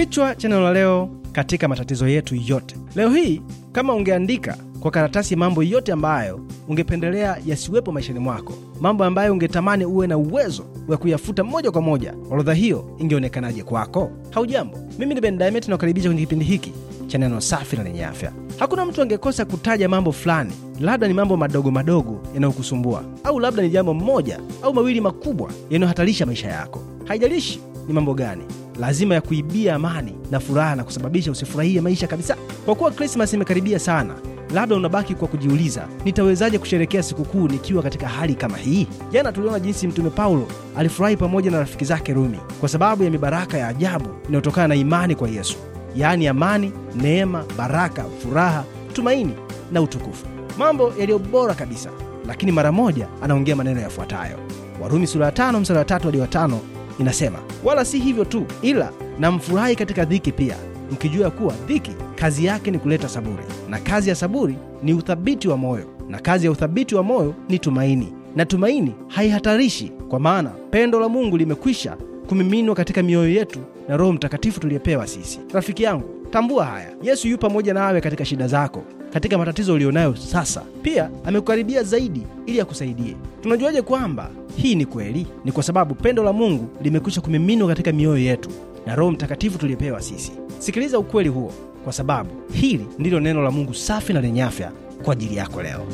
Kichwa cha neno la leo, katika matatizo yetu yote. Leo hii kama ungeandika kwa karatasi mambo yote ambayo ungependelea yasiwepo maishani mwako, mambo ambayo ungetamani uwe na uwezo wa kuyafuta moja kwa moja, orodha hiyo ingeonekanaje kwako? Haujambo, mimi ni Ben Diamond na kwenye kipindi hiki cha neno safi na lenye afya. Hakuna mtu angekosa kutaja mambo fulani, labda ni mambo madogo madogo yanayokusumbua, au labda ni jambo mmoja au mawili makubwa yanayohatarisha maisha yako. Haijalishi ni mambo gani, lazima ya kuibia amani na furaha na kusababisha usifurahie maisha kabisa. Kwa kuwa Krismasi imekaribia sana, labda unabaki kwa kujiuliza, nitawezaje kusherekea sikukuu nikiwa katika hali kama hii? Jana tuliona jinsi Mtume Paulo alifurahi pamoja na rafiki zake Rumi kwa sababu ya mibaraka ya ajabu inayotokana na imani kwa Yesu, yaani amani, neema, baraka, furaha, tumaini na utukufu, mambo yaliyo bora kabisa. Lakini mara moja anaongea maneno yafuatayo, Warumi sura ya tano mstari wa hadi wa inasema, wala si hivyo tu, ila namfurahi katika dhiki pia, mkijua kuwa dhiki kazi yake ni kuleta saburi, na kazi ya saburi ni uthabiti wa moyo, na kazi ya uthabiti wa moyo ni tumaini, na tumaini haihatarishi, kwa maana pendo la Mungu limekwisha kumiminwa katika mioyo yetu na Roho Mtakatifu tuliyepewa sisi. Rafiki yangu, tambua haya, Yesu yu pamoja nawe katika shida zako katika matatizo ulionayo sasa, pia amekukaribia zaidi ili akusaidie. Tunajuaje kwamba hii ni kweli? Ni kwa sababu pendo la Mungu limekwisha kumiminwa katika mioyo yetu na Roho Mtakatifu tuliyepewa sisi. Sikiliza ukweli huo, kwa sababu hili ndilo neno la Mungu safi na lenye afya kwa ajili yako leo.